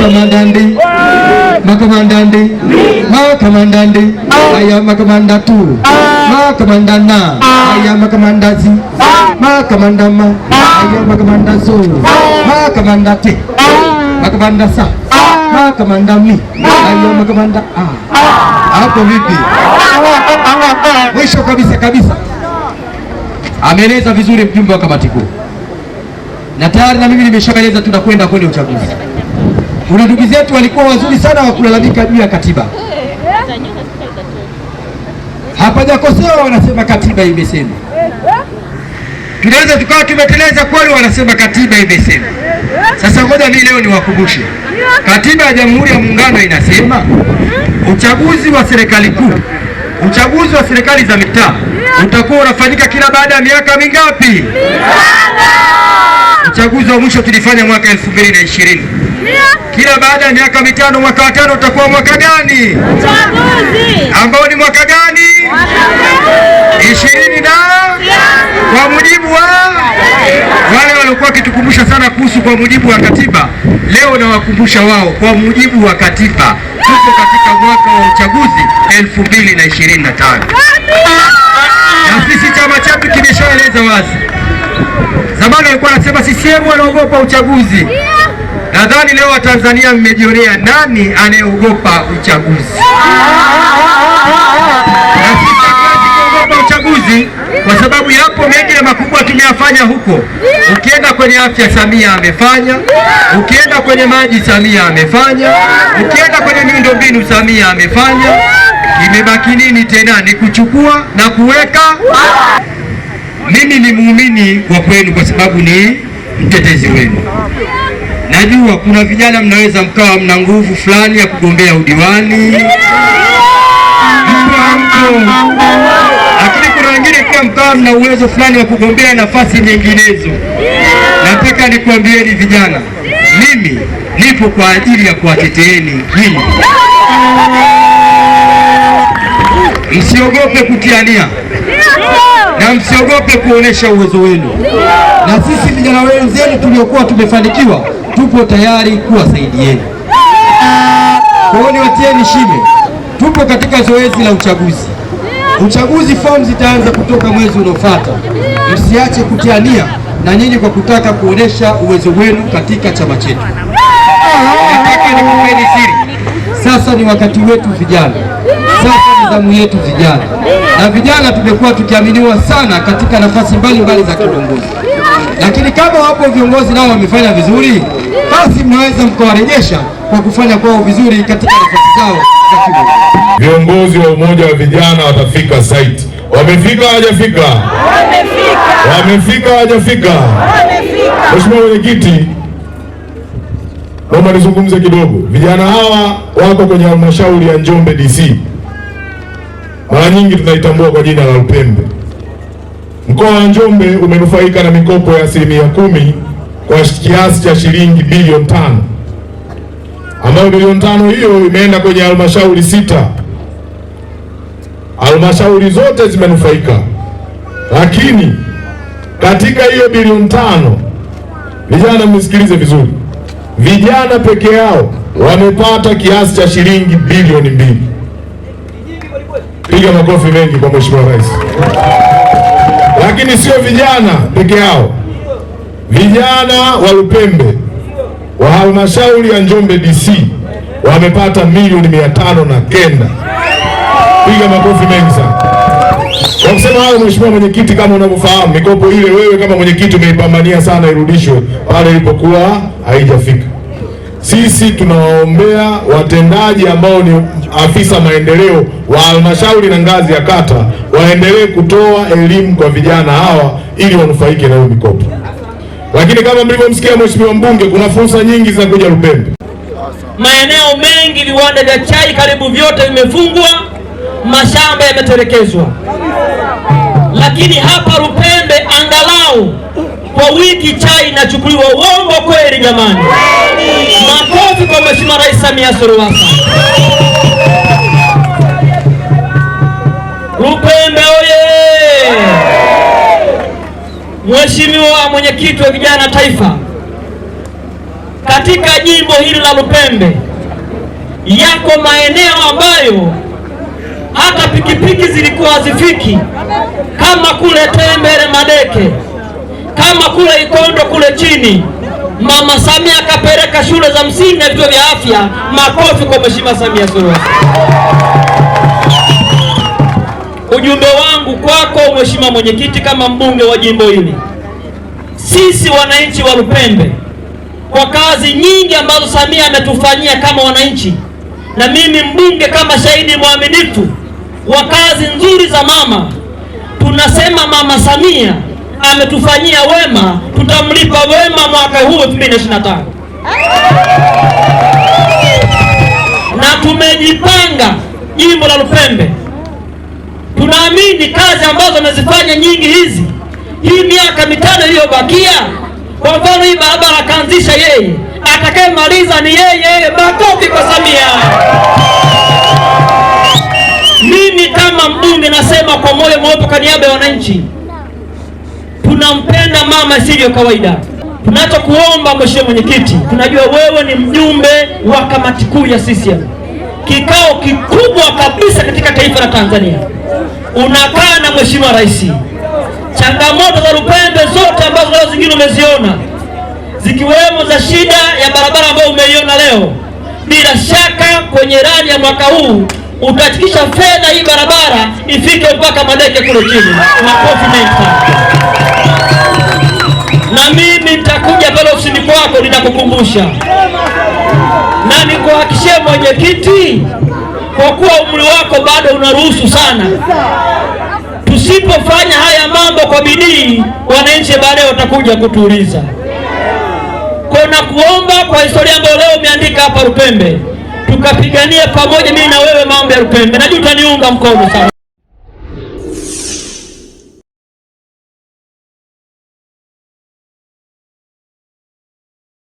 makamanda ndi makamanda ah. aya makamanda tu ah. makamanda na ah. aya makamanda zi makamanda ma aya makamanda zo makamanda te makamanda sa makamanda mi aya makamanda a hapo vipi? Mwisho kabisa kabisa ameeleza vizuri mjumbe wa kamati kuu, na tayari na mimi nimeshaeleza tunakwenda kwenye uchaguzi. Kuna ndugu zetu walikuwa wazuri sana wa kulalamika juu ya katiba, hapajakosewa, wanasema katiba imesema. Tunaweza tukawa tumeteleza kweli, wanasema katiba imesema. Sasa ngoja mimi leo niwakumbushe, katiba ya Jamhuri ya Muungano inasema uchaguzi wa serikali kuu Uchaguzi wa serikali za mitaa utakuwa unafanyika kila baada ya miaka mingapi? Uchaguzi wa mwisho tulifanya mwaka 2020. Kila baada ya miaka mitano, mwaka wa tano utakuwa mwaka gani? Uchaguzi ambao ni mwaka gani? ishirini na kwa mujibu wa wale waliokuwa wakitukumbusha sana kuhusu kwa mujibu wa katiba, leo nawakumbusha wao, kwa mujibu wa katiba tuko katika mwaka wa uchaguzi. 2025. Na sisi chama chetu kimeshaeleza wazi. Zamani walikuwa wanasema CCM wanaogopa uchaguzi. Nadhani leo Watanzania mmejionea nani anayeogopa uchaguzi. Na sisi uchaguzi kwa sababu yapo mengi na makubwa tumeyafanya huko. Ukienda kwenye afya, Samia amefanya. Ukienda kwenye maji, Samia amefanya. Ukienda kwenye miundombinu, Samia amefanya imebaki nini tena? Ni kuchukua na kuweka. Mimi ni muumini wa kwenu, kwa sababu ni mtetezi wenu. Najua kuna vijana mnaweza mkawa mna nguvu fulani ya kugombea udiwani lakini kuna wengine pia mkawa mna uwezo fulani wa kugombea nafasi nyinginezo. Nataka nikuambieni vijana, mimi nipo kwa ajili ya kuwateteeni nyinyi. Msiogope kutiania na msiogope kuonesha uwezo wenu, na sisi vijana wenzenu tuliokuwa tumefanikiwa tupo tayari kuwasaidieni. hiyo niwatieni shime. Tupo katika zoezi la uchaguzi. Uchaguzi fomu zitaanza kutoka mwezi unaofuata. Msiache kutiania na nyinyi kwa kutaka kuonesha uwezo wenu katika chama chetu. Nataka nikupeni siri, sasa ni wakati wetu vijana sasa ni zamu yetu vijana, na vijana tumekuwa tukiaminiwa sana katika nafasi mbalimbali za kiongozi, lakini kama wapo viongozi nao wamefanya vizuri, basi mnaweza mkawarejesha kwa kufanya kwao vizuri katika nafasi zao za kiongozi. Viongozi wa umoja wa vijana watafika site. Wamefika hawajafika? Wamefika hawajafika? Mheshimiwa Mwenyekiti, naomba nizungumze kidogo. Vijana hawa wako kwenye halmashauri ya Njombe DC mara nyingi tunaitambua kwa jina la Lupembe. Mkoa wa Njombe umenufaika na mikopo ya asilimia kumi kwa kiasi cha shilingi bilioni tano ambayo bilioni tano hiyo imeenda kwenye halmashauri sita. Halmashauri zote zimenufaika, lakini katika hiyo bilioni tano, vijana msikilize vizuri, vijana peke yao wamepata kiasi cha shilingi bilioni mbili. Piga makofi mengi kwa Mheshimiwa Rais. Lakini sio vijana peke yao, vijana wa Lupembe wa halmashauri ya Njombe DC wamepata milioni mia tano na kenda. Piga makofi mengi sana kwa kusema hayo. Mheshimiwa Mwenyekiti, kama unavyofahamu, mikopo ile wewe kama mwenyekiti umeipambania sana irudishwe pale ilipokuwa haijafika sisi tunawaombea watendaji ambao ni afisa maendeleo wa halmashauri na ngazi ya kata waendelee kutoa elimu kwa vijana hawa ili wanufaike na hiyo mikopo. Lakini kama mlivyomsikia mheshimiwa mbunge, kuna fursa nyingi za kuja Lupembe. Maeneo mengi, viwanda vya chai karibu vyote vimefungwa, mashamba yametelekezwa, lakini hapa Lupembe angalau kwa wiki chai inachukuliwa. Uongo kweli jamani? makofi kwa Mheshimiwa Rais Samia Suluhu Hassan. Lupembe oye! Mheshimiwa mwenyekiti wa vijana taifa, katika jimbo hili la Lupembe yako maeneo ambayo hata pikipiki zilikuwa hazifiki, kama kule Tembele Madeke, kama kule Ikondo kule chini Mama Samia akapeleka shule za msingi na vituo vya afya. Makofi kwa Mheshimiwa Samia Suluhu. Ujumbe wangu kwako Mheshimiwa mwenyekiti, kama mbunge wa jimbo hili, sisi wananchi wa Lupembe, kwa kazi nyingi ambazo Samia ametufanyia kama wananchi, na mimi mbunge kama shahidi mwaminifu wa kazi nzuri za mama, tunasema mama Samia ametufanyia wema, tutamlipa wema mwaka huu 2025 na tumejipanga. Jimbo la Lupembe tunaamini kazi ambazo amezifanya nyingi hizi, hii miaka mitano iliyobakia, kwa mfano hii barabara akaanzisha yeye, atakayemaliza ni yeye. Makofi kwa Samia. Mimi kama mbunge nasema kwa moyo mweupe kwa niaba ya wananchi tunampenda mama sivyo kawaida. Tunachokuomba mheshimiwa mwenyekiti, tunajua wewe ni mjumbe wa kamati kuu ya CCM, kikao kikubwa kabisa katika taifa la Tanzania, unakaa na mheshimiwa rais. Changamoto za Lupembe zote ambazo leo zingine umeziona zikiwemo za shida ya barabara ambayo umeiona leo, bila shaka kwenye rani ya mwaka huu utatikisha fedha hii barabara ifike mpaka Madeke kule chini. Makofi mengi sana. Na mimi nitakuja pale ofisini kwako, nitakukumbusha na nikuhakishie mwenyekiti, kwa kuwa umri wako bado unaruhusu sana. Tusipofanya haya mambo kwa bidii, wananchi baadaye watakuja kutuuliza. Kwa nakuomba kwa historia ambayo leo umeandika hapa Lupembe tukapigania pamoja, mimi na wewe, mambo ya Lupembe. Najua utaniunga mkono sana.